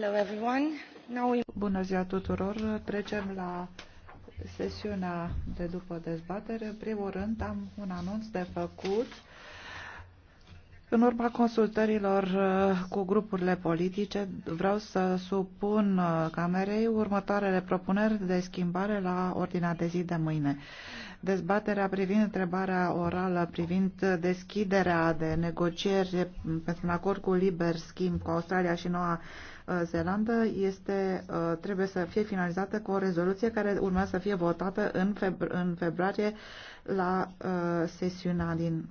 Hello everyone. Now we... Bună ziua tuturor! Trecem la sesiunea de după dezbatere. În primul rând am un anunț de făcut. În urma consultărilor uh, cu grupurile politice, vreau să supun uh, Camerei următoarele propuneri de schimbare la ordinea de zi de mâine. Dezbaterea privind întrebarea orală, privind deschiderea de negocieri pentru un acord cu liber schimb cu Australia și Noua uh, Zeelandă este, trebuie să fie finalizată cu o rezoluție care urmează să fie votată în, febru- în februarie la sesiunea din